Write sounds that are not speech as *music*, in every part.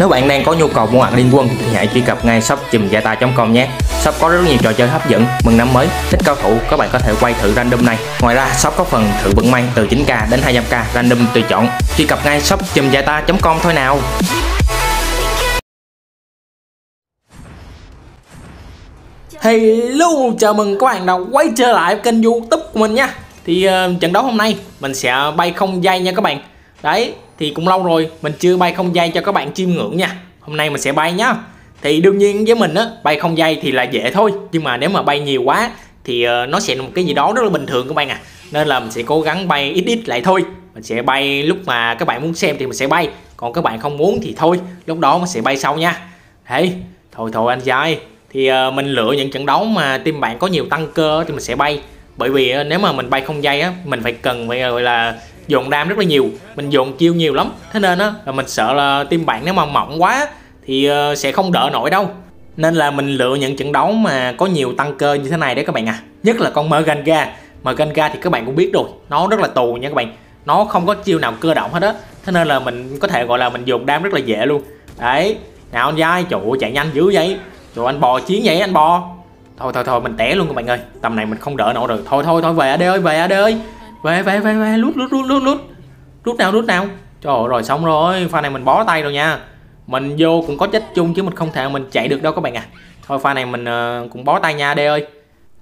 Nếu bạn đang có nhu cầu mua hàng liên quân thì hãy truy cập ngay shop chùm com nhé. Shop có rất nhiều trò chơi hấp dẫn, mừng năm mới, thích cao thủ các bạn có thể quay thử random này. Ngoài ra shop có phần thử vận may từ 9k đến 200k random tùy chọn. Truy cập ngay shop chùm com thôi nào. Hello, chào mừng các bạn đã quay trở lại kênh YouTube của mình nha. Thì uh, trận đấu hôm nay mình sẽ bay không dây nha các bạn. Đấy, thì cũng lâu rồi mình chưa bay không dây cho các bạn chiêm ngưỡng nha hôm nay mình sẽ bay nhá thì đương nhiên với mình á bay không dây thì là dễ thôi nhưng mà nếu mà bay nhiều quá thì ờ, nó sẽ là một cái gì đó rất là bình thường các bạn à nên là mình sẽ cố gắng bay ít ít lại thôi mình sẽ bay lúc mà các bạn muốn xem thì mình sẽ bay còn các bạn không muốn thì thôi lúc đó mình sẽ bay sau nha thế thôi thôi anh trai thì ờ, mình lựa những trận đấu mà team bạn có nhiều tăng cơ thì mình sẽ bay bởi vì nếu mà mình bay không dây á mình phải cần phải gọi là dồn đam rất là nhiều mình dồn chiêu nhiều lắm thế nên á là mình sợ là team bạn nếu mà mỏng quá thì ờ, sẽ không đỡ nổi đâu nên là mình lựa những trận đấu mà có nhiều tăng cơ như thế này đấy các bạn à nhất là con Merganga Merganga thì các bạn cũng biết rồi nó rất là tù nha các bạn nó không có chiêu nào cơ động hết á thế nên là mình có thể gọi là mình dồn đam rất là dễ luôn đấy nào anh dai trời chạy nhanh dữ vậy trời anh bò chiến vậy anh bò thôi thôi thôi mình té luôn các bạn ơi tầm này mình không đỡ nổi rồi thôi thôi thôi về ad ơi về ad ơi về về về về lút lút lút lút lút lút nào lút nào trời ơi, rồi xong rồi pha này mình bó tay rồi nha mình vô cũng có chết chung chứ mình không thể mình chạy được đâu các bạn à thôi pha này mình uh, cũng bó tay nha đê ơi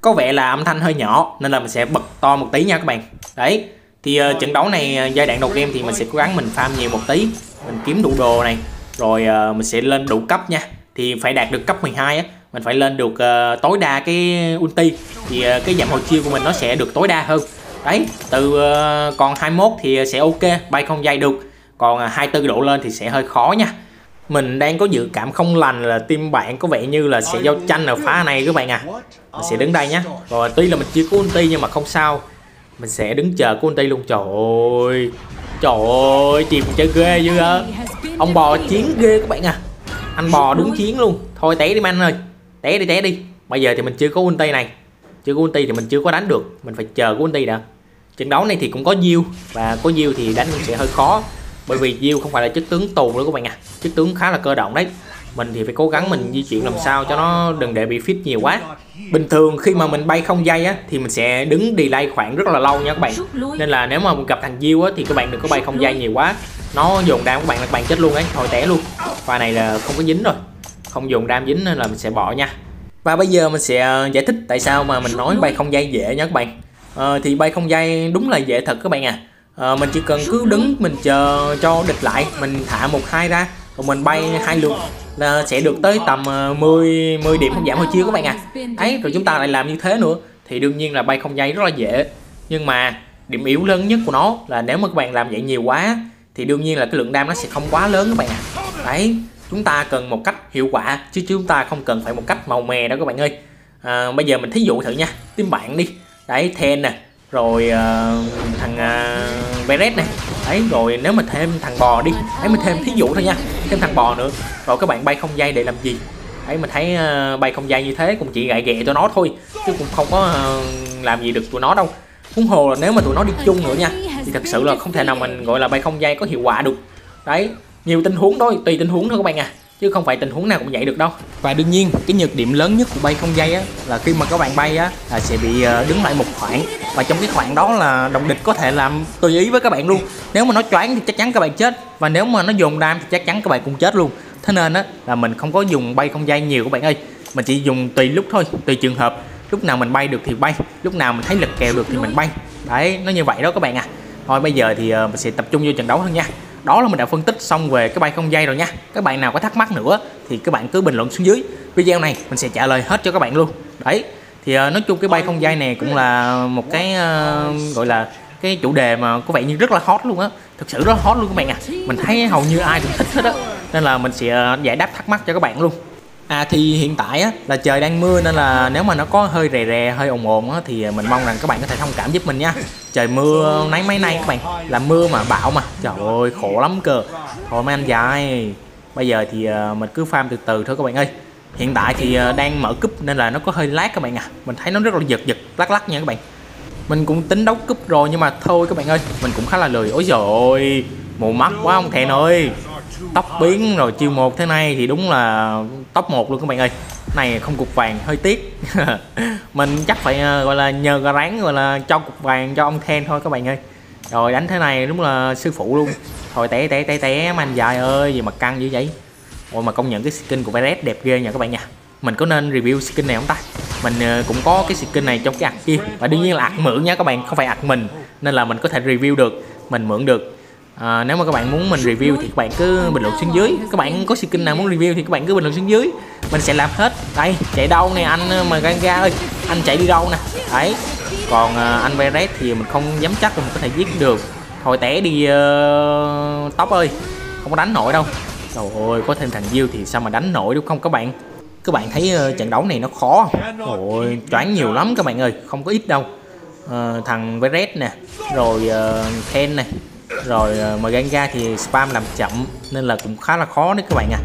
có vẻ là âm thanh hơi nhỏ nên là mình sẽ bật to một tí nha các bạn đấy thì uh, trận đấu này uh, giai đoạn đầu game thì mình sẽ cố gắng mình farm nhiều một tí mình kiếm đủ đồ này rồi uh, mình sẽ lên đủ cấp nha thì phải đạt được cấp 12 á mình phải lên được uh, tối đa cái ulti thì uh, cái giảm hồi chiêu của mình nó sẽ được tối đa hơn đấy từ uh, còn 21 thì sẽ ok bay không dây được còn 24 à, độ lên thì sẽ hơi khó nha mình đang có dự cảm không lành là team bạn có vẻ như là sẽ giao tranh ở phá này các bạn à mình sẽ đứng đây nhá rồi tuy là mình chưa có ulti nhưng mà không sao mình sẽ đứng chờ của ulti luôn trời ơi trời ơi chìm chơi ghê dữ á ông bò chiến ghê các bạn à anh bò đứng chiến luôn thôi té đi man ơi té đi té đi bây giờ thì mình chưa có ulti này chưa có ulti thì mình chưa có đánh được mình phải chờ của ulti đã trận đấu này thì cũng có diêu và có diêu thì đánh cũng sẽ hơi khó bởi vì diêu không phải là chức tướng tù nữa các bạn ạ à. chức tướng khá là cơ động đấy mình thì phải cố gắng mình di chuyển làm sao cho nó đừng để bị fit nhiều quá bình thường khi mà mình bay không dây á thì mình sẽ đứng delay khoảng rất là lâu nha các bạn nên là nếu mà gặp thằng diêu á thì các bạn đừng có bay không dây nhiều quá nó dồn đam các bạn là các bạn chết luôn ấy thôi té luôn pha này là không có dính rồi không dồn đam dính nên là mình sẽ bỏ nha và bây giờ mình sẽ ờ, giải thích tại sao mà mình nói bay không dây dễ nha các bạn à, thì bay không dây đúng là dễ thật các bạn à. à mình chỉ cần cứ đứng mình chờ cho địch lại mình thả một hai ra còn mình bay hai lượt là sẽ được tới tầm 10 ờ, 10 điểm không giảm hồi chiêu các bạn à ấy rồi chúng ta lại làm như thế nữa thì đương nhiên là bay không dây rất là dễ nhưng mà điểm yếu lớn nhất của nó là nếu mà các bạn làm vậy nhiều quá thì đương nhiên là cái lượng đam nó sẽ không quá lớn các bạn ạ à. đấy chúng ta cần một cách hiệu quả chứ chúng ta không cần phải một cách màu mè đâu các bạn ơi à, bây giờ mình thí dụ thử nha team bạn đi đấy Ten nè rồi uh, thằng uh, Beret này đấy rồi nếu mà thêm thằng bò đi ấy mình thêm thí dụ thôi nha thêm thằng bò nữa rồi các bạn bay không dây để làm gì ấy mình thấy uh, bay không dây như thế cũng chỉ gại ghẹ cho nó thôi chứ cũng không có uh, làm gì được tụi nó đâu huống hồ là nếu mà tụi nó đi chung nữa nha thì thật sự là không thể nào mình gọi là bay không dây có hiệu quả được đấy nhiều tình huống thôi tùy tình huống thôi các bạn à chứ không phải tình huống nào cũng vậy được đâu và đương nhiên cái nhược điểm lớn nhất của bay không dây á là khi mà các bạn bay á là sẽ bị ờ, đứng lại một khoảng và trong cái khoảng đó là đồng địch có thể làm tùy ý với các bạn luôn nếu mà nó choáng thì chắc chắn các bạn chết và nếu mà nó dồn đam thì chắc chắn các bạn cũng chết luôn thế nên á là mình không có dùng bay không dây nhiều các bạn ơi mình chỉ dùng tùy lúc thôi tùy trường hợp lúc nào mình bay được thì bay lúc nào mình thấy lực kèo được thì mình bay đấy nó như vậy đó các bạn à thôi bây giờ thì ờ, mình sẽ tập trung vô trận đấu hơn nha đó là mình đã phân tích xong về cái bay không dây rồi nha các bạn nào có thắc mắc nữa thì các bạn cứ bình luận xuống dưới video này mình sẽ trả lời hết cho các bạn luôn đấy thì uh, nói chung cái bay không dây này cũng là một cái uh, gọi là cái chủ đề mà có vẻ như rất là hot luôn á thực sự rất hot luôn các bạn à mình thấy hầu như ai cũng thích hết á nên là mình sẽ ờ, giải đáp thắc mắc cho các bạn luôn À thì hiện tại á, là trời đang mưa nên là nếu mà nó có hơi rè rè, hơi ồn ồn á, thì mình mong rằng các bạn có thể thông cảm giúp mình nha Trời mưa nấy mấy nay các bạn, là mưa mà bão mà, trời ơi khổ lắm cơ Thôi mấy anh dài, bây giờ thì ờ, mình cứ farm từ từ thôi các bạn ơi Hiện tại thì ờ, đang mở cúp nên là nó có hơi lát các bạn à Mình thấy nó rất là giật giật, lắc lắc nha các bạn Mình cũng tính đấu cúp rồi nhưng mà thôi các bạn ơi, mình cũng khá là lười Ôi trời ơi, mù mắt quá ông thèn ơi tóc biến rồi chiêu một thế này thì đúng là top một luôn các bạn ơi này không cục vàng hơi tiếc *laughs* mình chắc phải ờ, gọi là nhờ gà ráng gọi là cho cục vàng cho ông khen thôi các bạn ơi rồi đánh thế này đúng là sư phụ luôn thôi té té té té mà anh dài ơi gì mà căng dữ vậy ôi mà công nhận cái skin của Veres đẹp ghê nha các bạn nha mình có nên review skin này không ta mình ờ, cũng có cái skin này trong cái ạc kia và đương nhiên là ạc mượn nha các bạn không phải ạc mình nên là mình có thể review được mình mượn được à, nếu mà các bạn muốn mình review thì các bạn cứ bình luận xuống dưới các bạn có skin nào muốn review thì các bạn cứ bình luận xuống dưới mình sẽ làm hết đây chạy đâu nè anh mà ganga ơi anh chạy đi đâu nè đấy còn à, anh Verret thì mình không dám chắc là mình có thể giết được thôi té đi uh, ờ, tóc ơi không có đánh nổi đâu trời ơi có thêm thằng diêu thì sao mà đánh nổi đúng không các bạn các bạn thấy uh, trận đấu này nó khó không ôi choáng nhiều lắm các bạn ơi không có ít đâu uh, thằng Verret nè rồi uh, Ken này rồi ờ, mà gan ra thì spam làm chậm nên là cũng khá là khó đấy các bạn à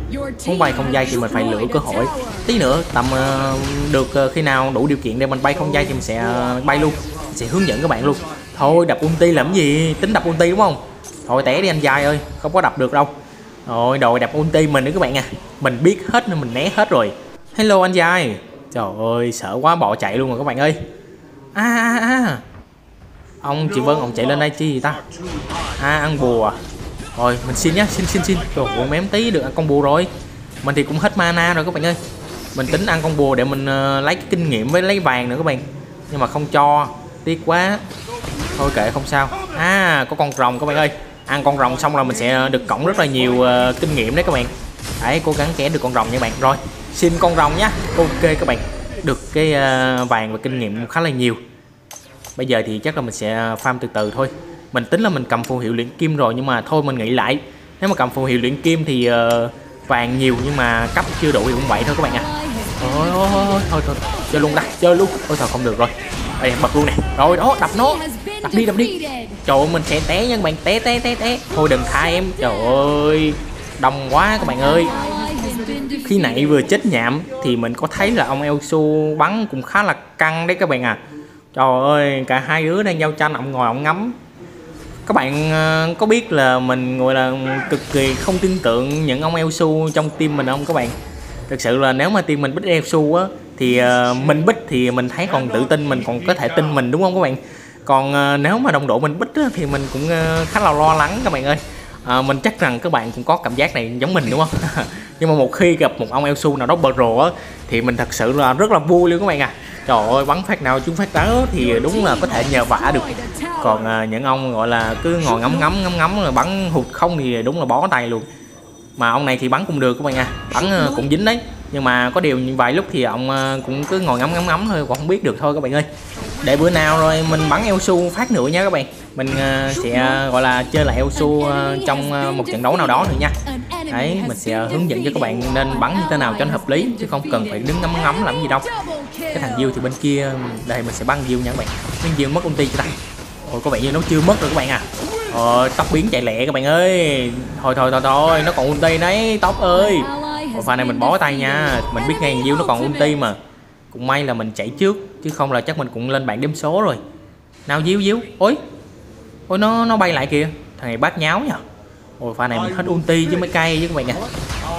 muốn bay không dây thì mình phải lựa cơ hội tí nữa tầm ờ, được ờ, khi nào đủ điều kiện để mình bay không dây thì mình sẽ bay luôn mình sẽ hướng dẫn các bạn luôn thôi đập ulti làm gì tính đập ulti đúng không thôi té đi anh dài ơi không có đập được đâu rồi đòi đập ulti mình nữa các bạn à mình biết hết nên mình né hết rồi hello anh dài trời ơi sợ quá bỏ chạy luôn rồi các bạn ơi a a a ông chị Vân ông chạy lên đây chi gì ta à ăn bùa à? rồi mình xin nhá xin xin xin rồi còn mém tí được ăn con bùa rồi mình thì cũng hết mana rồi các bạn ơi mình tính ăn con bùa để mình uh, lấy cái kinh nghiệm với lấy vàng nữa các bạn nhưng mà không cho tiếc quá thôi kệ không sao à có con rồng các bạn ơi ăn con rồng xong là mình sẽ được cộng rất là nhiều uh, kinh nghiệm đấy các bạn hãy cố gắng kẻ được con rồng nha bạn rồi xin con rồng nhá ok các bạn được cái uh, vàng và kinh nghiệm khá là nhiều bây giờ thì chắc là mình sẽ à, farm từ từ thôi mình tính là mình cầm phù hiệu luyện kim rồi nhưng mà thôi mình nghĩ lại nếu mà cầm phù hiệu luyện kim thì uh, vàng nhiều nhưng mà cấp chưa đủ thì cũng vậy thôi các bạn ạ à. Ôi, ôi, ôi, thôi thôi chơi luôn đã chơi luôn ôi thôi không được rồi đây bật luôn nè rồi đó đập nó đập đi đập đi trời ơi mình sẽ té nha các bạn té té té té thôi đừng tha em trời ơi đông quá các bạn ơi khi nãy vừa chết nhảm thì mình có thấy là ông Elsu bắn cũng khá là căng đấy các bạn à trời ơi cả hai đứa đang giao tranh ông ngồi ông ngắm các bạn ờ, có biết là mình gọi là cực kỳ không tin tưởng những ông eo su trong tim mình không các bạn thực sự là nếu mà tim mình bích eo su á thì ờ, mình bích thì mình thấy còn tự tin mình còn có thể tin mình đúng không các bạn còn ờ, nếu mà đồng đội mình bích á, thì mình cũng khá là lo lắng các bạn ơi à, mình chắc rằng các bạn cũng có cảm giác này giống mình đúng không *laughs* nhưng mà một khi gặp một ông Su nào đó bờ rồ á thì mình thật sự là rất là vui luôn các bạn à trời ơi bắn phát nào chúng phát đó thì đúng là có thể nhờ vả được còn à, những ông gọi là cứ ngồi ngắm ngắm ngắm ngắm là bắn hụt không thì đúng là bó tay luôn mà ông này thì bắn cũng được các bạn à bắn cũng dính đấy nhưng mà có điều như vài lúc thì ông à, cũng cứ ngồi ngắm ngắm ngắm thôi còn không biết được thôi các bạn ơi để bữa nào rồi mình bắn eo su phát nữa nha các bạn mình à, sẽ à, gọi là chơi lại eo su trong một trận đấu nào đó nữa nha Đấy, mình sẽ hướng dẫn cho các bạn nên bắn như thế nào cho nó hợp lý chứ không cần phải đứng ngắm ngắm làm gì đâu. Cái thằng Diêu thì bên kia đây mình sẽ băng Diêu nha các bạn. Nhưng Diêu mất ulti cho ta. Ôi có vẻ như nó chưa mất rồi các bạn à. Ờ tóc biến chạy lẹ các bạn ơi. Thôi thôi thôi thôi, nó còn ulti đấy, tóc ơi. Ôi pha này mình bó tay nha. Mình biết ngay Diêu nó còn ulti mà. Cũng may là mình chạy trước chứ không là chắc mình cũng lên bảng điểm số rồi. Nào Diêu Diêu. Ôi. Ôi nó nó bay lại kìa. Thằng này bát nháo nhở. Ôi pha này mình hết ulti chứ mấy cây chứ các bạn nha.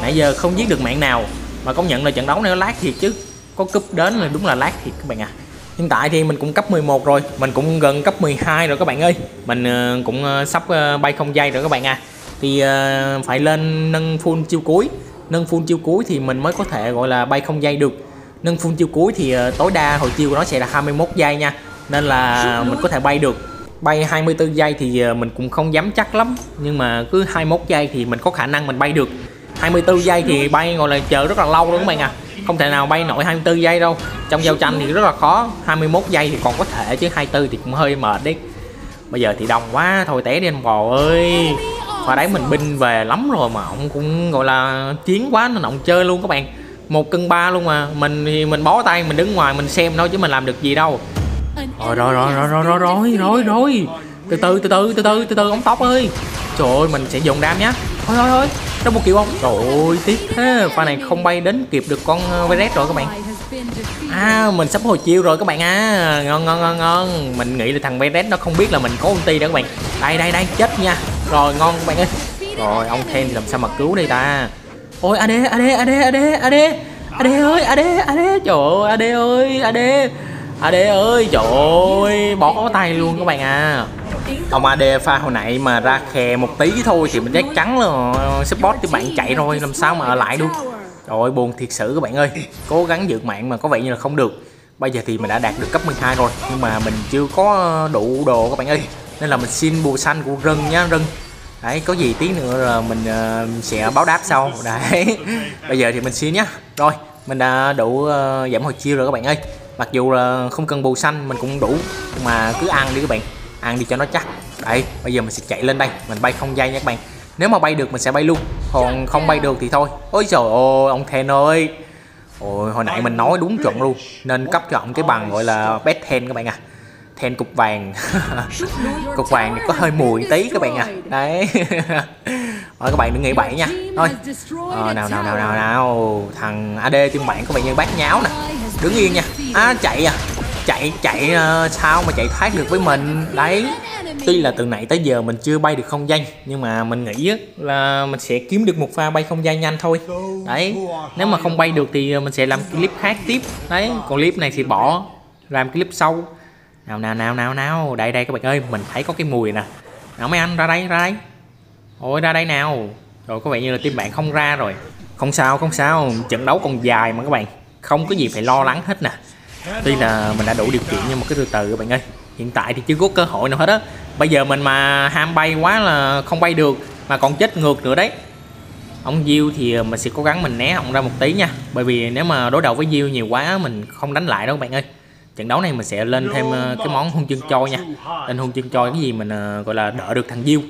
Nãy giờ không giết được mạng nào Mà công nhận là trận đấu này nó lag thiệt chứ Có cúp đến là đúng là lag thiệt các bạn ạ à. Hiện tại thì mình cũng cấp 11 rồi Mình cũng gần cấp 12 rồi các bạn ơi Mình ờ, cũng ờ, sắp ờ, bay không dây rồi các bạn à Thì phải lên nâng full chiêu cuối Nâng full chiêu cuối thì mình mới có thể gọi là bay không dây được Nâng full chiêu cuối thì tối đa hồi chiêu của nó sẽ là 21 giây nha Nên là mình có thể bay được bay 24 giây thì ờ, mình cũng không dám chắc lắm nhưng mà cứ 21 giây thì mình có khả năng mình bay được 24 giây thì bay ngồi là chờ rất là lâu đúng không bạn à không thể nào bay nổi 24 giây đâu trong giao tranh thì rất là khó 21 giây thì còn có thể chứ 24 thì cũng hơi mệt đấy bây giờ thì đông quá thôi té đi anh bò ơi và đấy mình binh về lắm rồi mà ông cũng gọi là chiến quá nên ông chơi luôn các bạn một cân ba luôn mà mình thì mình bó tay mình đứng ngoài mình xem thôi chứ mình làm được gì đâu rồi rồi rồi rồi rồi rồi rồi rồi rồi từ từ từ từ từ từ từ từ ông tóc ơi trời ơi mình sẽ dùng đam nhá thôi thôi thôi nó một kiểu ông trời ơi tiếc thế pha này không bay đến kịp được con ờ, Veret rồi các bạn à mình sắp hồi chiêu rồi các bạn à ngon ngon ngon ngon mình nghĩ là thằng Veret nó không biết là mình có ulti đó các bạn đây đây đây chết nha rồi ngon các bạn ơi rồi ông Ken thì làm sao mà cứu đây ta ôi AD AD AD AD AD AD ơi AD AD trời ơi AD ơi AD AD ơi trời ơi bỏ tay luôn các bạn à ông AD pha hồi nãy mà ra khè một tí thôi thì mình chắc chắn là support thì bạn chạy rồi làm sao mà ở lại được rồi buồn thiệt sự các bạn ơi cố gắng giữ mạng mà có vẻ như là không được bây giờ thì mình đã đạt được cấp 12 rồi nhưng mà mình chưa có đủ đồ các bạn ơi nên là mình xin bù xanh của rừng nhá rừng đấy có gì tí nữa là mình uh, sẽ báo đáp sau đấy bây giờ thì mình xin nhá rồi mình đã đủ uh, giảm hồi chiêu rồi các bạn ơi mặc dù là không cần bù xanh mình cũng đủ mà cứ ăn đi các bạn ăn đi cho nó chắc đây bây giờ mình sẽ chạy lên đây mình bay không dây nha các bạn nếu mà bay được mình sẽ bay luôn còn không bay được thì thôi ôi trời ơi ông then ơi ôi hồi nãy mình nói đúng chuẩn luôn nên cấp cho ông cái bằng gọi là best ten các bạn à then cục vàng *laughs* cục vàng có hơi mùi tí các bạn à đấy rồi *laughs* các bạn đừng nghĩ bậy nha thôi ờ, nào nào nào nào nào thằng ad team bạn các bạn như bác nháo nè đứng yên nha à chạy à chạy chạy ờ, sao mà chạy thoát được với mình đấy tuy là từ nãy tới giờ mình chưa bay được không gian nhưng mà mình nghĩ là mình sẽ kiếm được một pha bay không gian nhanh thôi đấy nếu mà không bay được thì ờ, mình sẽ làm clip khác tiếp đấy còn clip này thì bỏ làm clip sau nào nào nào nào nào đây đây các bạn ơi mình thấy có cái mùi nè nào mấy anh ra đây ra đây ôi ra đây nào rồi có vẻ như là team bạn không ra rồi không sao không sao trận đấu còn dài mà các bạn không có gì phải lo lắng hết nè tuy là mình đã đủ điều kiện nhưng mà cứ từ từ các bạn ơi hiện tại thì chưa có cơ hội nào hết á bây giờ mình mà ham bay quá là không bay được mà còn chết ngược nữa đấy ông Diêu thì ờ, mình sẽ cố gắng mình né ông ra một tí nha bởi vì nếu mà đối đầu với Diêu nhiều quá mình không đánh lại đâu bạn ơi trận đấu này mình sẽ lên thêm ờ, cái món hung chân trôi nha lên hung chân trôi cái gì mình ờ, gọi là đỡ được thằng Diêu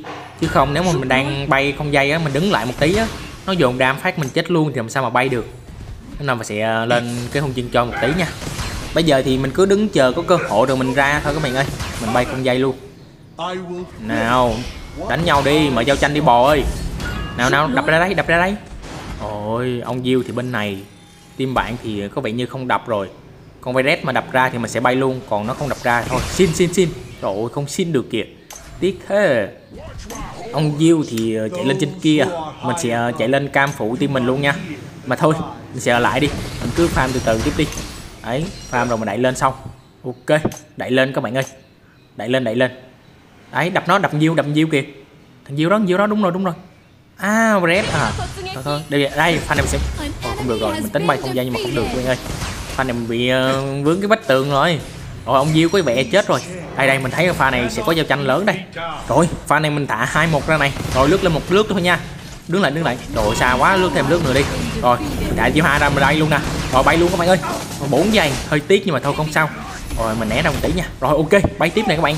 chứ không nếu mà mình đang bay không dây á mình đứng lại một tí á nó dồn đam phát mình chết luôn thì làm sao mà bay được năm mình sẽ ờ, lên cái hung chân cho một tí nha bây giờ thì mình cứ đứng chờ có cơ hội rồi mình ra thôi các bạn ơi mình bay không dây luôn nào đánh nhau đi mở giao tranh đi bò ơi nào nào đập ra đấy đập ra đấy ôi ông diêu thì bên này team bạn thì có vẻ như không đập rồi con Veret mà đập ra thì mình sẽ bay luôn còn nó không đập ra thôi xin xin xin trời ơi không xin được kìa tiếc thế ông diêu thì ờ, chạy lên trên kia mình sẽ ờ, chạy lên cam phụ team mình luôn nha mà thôi mình sẽ ở lại đi mình cứ farm từ từ tiếp đi ấy farm rồi mình đẩy lên xong ok đẩy lên các bạn ơi đẩy lên đẩy lên ấy đập nó đập diêu đập diêu kìa thằng diêu đó diêu đó đúng rồi đúng rồi à red à thôi thôi đây đây fan em sẽ Ồ, không được rồi mình tính bay không gian nhưng mà không được quen ơi fan em bị uh, vướng cái vách tường rồi rồi ông diêu có vẻ chết rồi đây đây mình thấy pha này sẽ có giao tranh lớn đây rồi pha này mình thả hai một ra này rồi lướt lên một lướt thôi nha đứng lại đứng lại độ xa quá lướt thêm lướt nữa đi rồi đại diễm hai ra mình đây luôn nè rồi bay luôn các bạn ơi bốn giây hơi tiếc nhưng mà thôi không sao rồi mình né ra một tỷ nha rồi ok bay tiếp này các bạn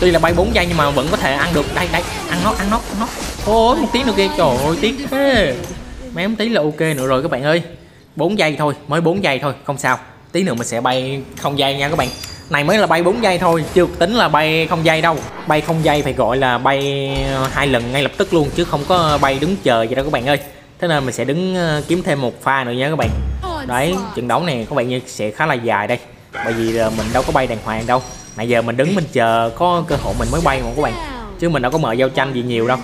tuy là bay 4 giây nhưng mà vẫn có thể ăn được đây đây ăn nó ăn nó ăn nó ôi một tiếng nữa kia trời ơi tiếc thế mấy tí là ok nữa rồi các bạn ơi 4 giây thôi mới 4 giây thôi không sao tí nữa mình sẽ bay không giây nha các bạn này mới là bay 4 giây thôi chưa tính là bay không dây đâu bay không dây phải gọi là bay ờ, hai lần ngay lập tức luôn chứ không có bay đứng chờ gì đâu các bạn ơi thế nên mình sẽ đứng ờ, kiếm thêm một pha nữa nha các bạn đấy trận đấu này các bạn như sẽ khá là dài đây bởi vì mình đâu có bay đàng hoàng đâu nãy giờ mình đứng mình chờ có cơ hội mình mới bay mà các bạn chứ mình đâu có mở giao tranh gì nhiều đâu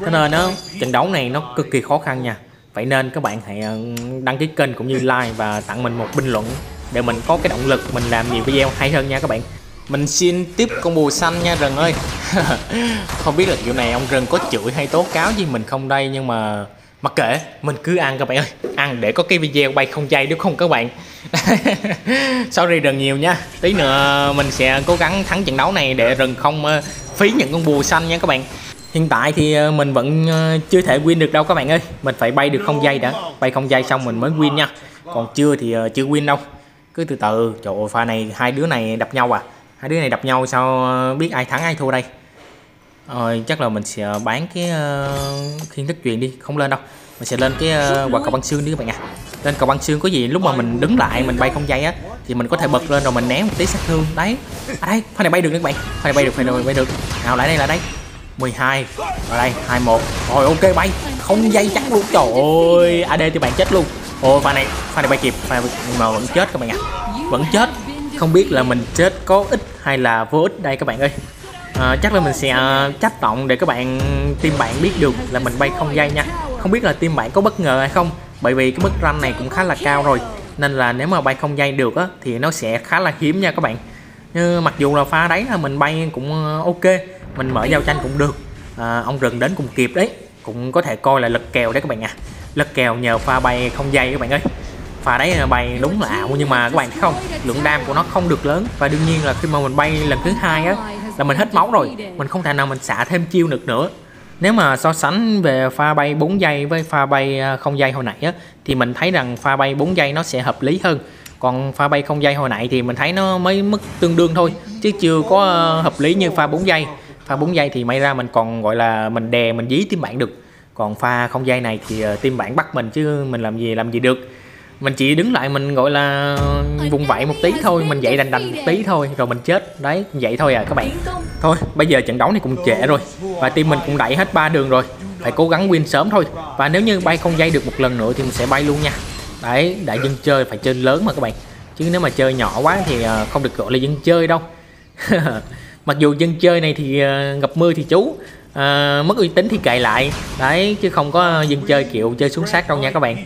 thế nên nó trận đấu này nó cực kỳ khó khăn nha vậy nên các bạn hãy ờ, đăng ký kênh cũng như like và tặng mình một bình luận để mình có cái động lực mình làm nhiều video hay hơn nha các bạn mình xin tiếp con bù xanh nha rừng ơi *laughs* không biết là kiểu này ông rừng có chửi hay tố cáo gì mình không đây nhưng mà mặc kệ mình cứ ăn các bạn ơi ăn để có cái video bay không dây đúng không các bạn *laughs* sorry rừng nhiều nha tí nữa mình sẽ cố gắng thắng trận đấu này để rừng không ờ, phí những con bùa xanh nha các bạn hiện tại thì ờ, mình vẫn ờ, chưa thể win được đâu các bạn ơi mình phải bay được không dây đã bay không dây xong mình mới win nha còn chưa thì chưa win đâu cứ từ từ trời ơi pha này hai đứa này đập nhau à hai đứa này đập nhau sao biết ai thắng ai thua đây rồi ờ, chắc là mình sẽ bán cái uh, khiên thức truyền đi không lên đâu mình sẽ lên cái uh, quả cầu băng xương đi các bạn ạ à. lên cầu băng xương có gì lúc mà mình đứng lại mình bay không dây á thì mình có thể bật lên rồi mình ném một tí sát thương đấy à đây pha này bay được các bạn pha này bay được pha này bay được nào lại đây là đây 12 ở đây hai một rồi ok bay không dây chắc luôn trời ơi AD thì bạn chết luôn ôi pha này pha này bay kịp pha mà vẫn chết các bạn ạ à. vẫn chết không biết là mình chết có ích hay là vô ích đây các bạn ơi à, chắc là mình sẽ uh, à, trách tổng để các bạn team bạn biết được là mình bay không dây nha không biết là team bạn có bất ngờ hay không bởi vì cái mức ranh này cũng khá là cao rồi nên là nếu mà bay không dây được á, thì nó sẽ khá là hiếm nha các bạn như mặc dù là pha đấy là mình bay cũng à, ok mình mở giao tranh cũng được à, ông rừng đến cũng kịp đấy cũng có thể coi là lật kèo đấy các bạn ạ à lật kèo nhờ pha bay không dây các bạn ơi pha đấy bay đúng là ảo nhưng mà các bạn thấy không lượng đam của nó không được lớn và đương nhiên là khi mà mình bay lần thứ hai á là mình hết máu rồi mình không thể nào mình xả thêm chiêu được nữa nếu mà so sánh về pha bay 4 giây với pha bay à, không dây hồi nãy á, thì mình thấy rằng pha bay 4 giây nó sẽ hợp lý hơn còn pha bay không dây hồi nãy thì mình thấy nó mới mức tương đương thôi chứ chưa có à, hợp lý như pha 4 giây pha 4 giây thì may ra mình còn gọi là mình đè mình dí tim bạn được còn pha không dây này thì ờ, team bạn bắt mình chứ mình làm gì làm gì được mình chỉ đứng lại mình gọi là vùng vẫy một tí thôi mình dậy đành đành một tí thôi rồi mình chết đấy vậy thôi à các bạn thôi bây giờ trận đấu này cũng trễ rồi và team mình cũng đẩy hết ba đường rồi phải cố gắng win sớm thôi và nếu như bay không dây được một lần nữa thì mình sẽ bay luôn nha đấy đại dân chơi phải chơi lớn mà các bạn chứ nếu mà chơi nhỏ quá thì ờ, không được gọi là dân chơi đâu *laughs* mặc dù dân chơi này thì ờ, gặp mưa thì chú à, mất uy tín thì kệ lại đấy chứ không có dân chơi kiểu chơi xuống sát đâu nha các bạn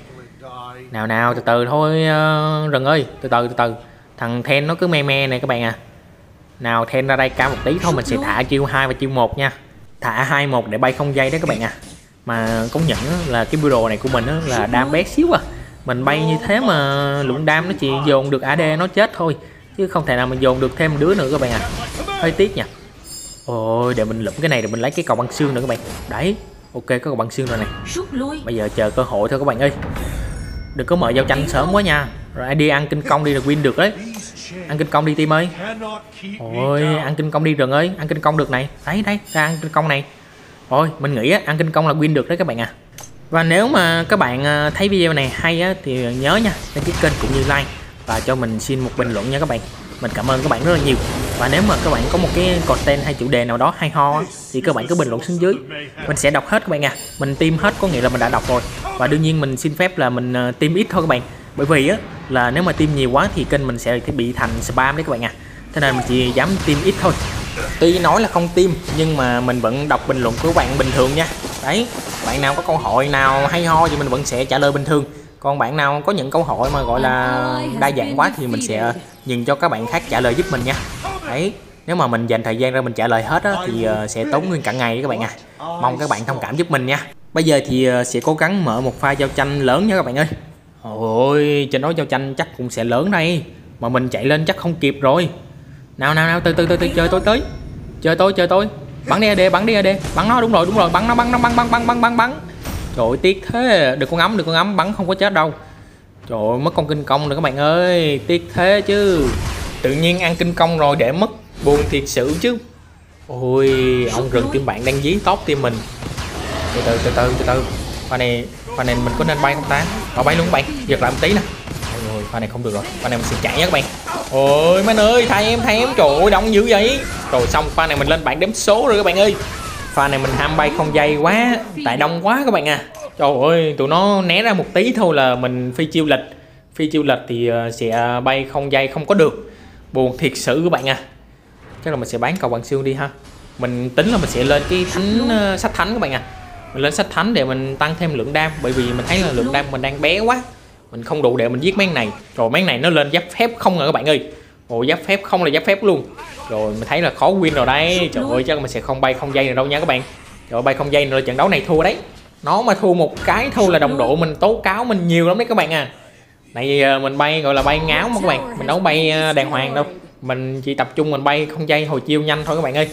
nào nào từ từ thôi ờ, rừng ơi từ từ từ từ thằng then nó cứ me me này các bạn à nào then ra đây cao một tí thôi mình sẽ thả chiêu 2 và chiêu 1 nha thả hai một để bay không dây đó các bạn à mà công nhận là cái build này của mình là đam bé xíu à mình bay như thế mà lượng đam nó chỉ dồn được AD nó chết thôi chứ không thể nào mình dồn được thêm đứa nữa các bạn à hơi tiếc nhỉ. Ôi để mình lụm cái này rồi mình lấy cái cầu băng xương nữa các bạn Đấy ok có cầu băng xương rồi này Bây giờ chờ cơ hội thôi các bạn ơi Đừng có mở giao tranh sớm quá nha Rồi đi ăn kinh công đi được win được đấy Ăn kinh công đi team ơi Ôi ăn kinh công đi rừng ơi Ăn kinh công được này Đấy đấy ra ăn kinh công này Ôi mình nghĩ á, ăn kinh công là win được đấy các bạn à Và nếu mà các bạn à, thấy video này hay á, thì nhớ nha Đăng ký kênh cũng như like Và cho mình xin một bình luận nha các bạn Mình cảm ơn các bạn rất là nhiều và nếu mà các bạn có một cái content hay chủ đề nào đó hay ho thì các bạn cứ bình luận xuống dưới mình sẽ đọc hết các bạn à mình tim hết có nghĩa là mình đã đọc rồi và đương nhiên mình xin phép là mình ờ, tim ít thôi các bạn bởi vì á là nếu mà tim nhiều quá thì kênh mình sẽ bị thành spam đấy các bạn à thế nên mình chỉ dám tim ít thôi tuy nói là không tim nhưng mà mình vẫn đọc bình luận của các bạn bình thường nha đấy bạn nào có câu hỏi nào hay ho thì mình vẫn sẽ trả lời bình thường còn bạn nào có những câu hỏi mà gọi là đa dạng quá thì mình sẽ nhìn cho các bạn khác trả lời giúp mình nha Đấy, nếu mà mình dành thời gian ra mình trả lời hết á, thì ờ, sẽ tốn nguyên cả ngày các bạn à Mong các bạn thông cảm giúp mình nha Bây giờ thì ờ, sẽ cố gắng mở một pha giao tranh lớn nha các bạn ơi Ôi, trên đó giao tranh chắc cũng sẽ lớn đây Mà mình chạy lên chắc không kịp rồi Nào nào nào, từ từ từ, từ chơi tôi tới Chơi tôi, chơi tôi Bắn đi AD, bắn đi AD Bắn nó, đúng rồi, đúng rồi, bắn nó, bắn nó, bắn, bắn, bắn, bắn, bắn, bắn Trời tiếc thế được con ngắm, được con ngắm, bắn không có chết đâu Trời mất con kinh công rồi các bạn ơi Tiếc thế chứ tự nhiên ăn kinh công rồi để mất buồn thiệt sự chứ ôi ông rừng tim bạn đang dí tóc tim mình từ từ từ từ từ từ pha này pha này mình có nên bay không ta họ bay luôn bạn giật lại một tí nè ôi ơi pha này không được rồi pha này mình sẽ chạy nhé các bạn ôi mấy ơi thay em thay em trời ơi đông dữ vậy rồi xong pha này mình lên bảng đếm số rồi các bạn ơi pha này mình ham bay không dây quá tại đông quá các bạn à trời ơi tụi nó né ra một tí thôi là mình phi chiêu lịch phi chiêu lịch thì ờ, sẽ ờ, bay không dây không có được buồn thiệt sự các bạn à chắc là mình sẽ bán cầu bằng xương đi ha mình tính là mình sẽ lên cái thánh uh, sách thánh các bạn à mình lên sách thánh để mình tăng thêm lượng đam bởi vì mình thấy là lượng đam mình đang bé quá mình không đủ để mình giết mấy này rồi mấy này nó lên giáp phép không rồi à các bạn ơi ồ giáp phép không là giáp phép luôn rồi mình thấy là khó win rồi đấy trời ơi chắc là mình sẽ không bay không dây nữa đâu nha các bạn rồi bay không dây nữa trận đấu này thua đấy nó mà thua một cái thua là đồng đội mình tố cáo mình nhiều lắm đấy các bạn à này vì ờ, mình bay gọi là bay ngáo mà các bạn mình đâu bay ờ, đàng hoàng đâu mình chỉ tập trung mình bay không dây hồi chiêu nhanh thôi các bạn ơi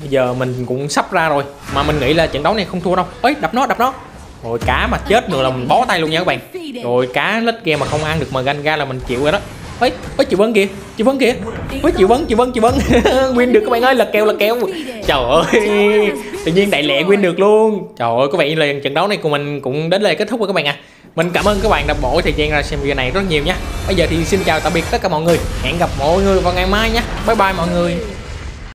bây giờ mình cũng sắp ra rồi mà mình nghĩ là trận đấu này không thua đâu ấy đập nó đập nó rồi cá mà chết nữa là mình bó tay luôn nha các bạn rồi cá lết kia mà không ăn được mà ganh ra là mình chịu rồi đó ấy ấy chịu vân kìa chịu vân kìa ấy chịu vân chịu vân chịu vân *laughs* win được các bạn ơi là kèo là kèo trời ơi tự nhiên đại lẹ win được luôn trời ơi các bạn là trận đấu này của mình cũng đến lời kết thúc rồi các bạn à mình cảm ơn các bạn đã bỏ thời gian ra xem video này rất nhiều nhé Bây giờ thì xin chào tạm biệt tất cả mọi người Hẹn gặp mọi người vào ngày mai nhé Bye bye mọi người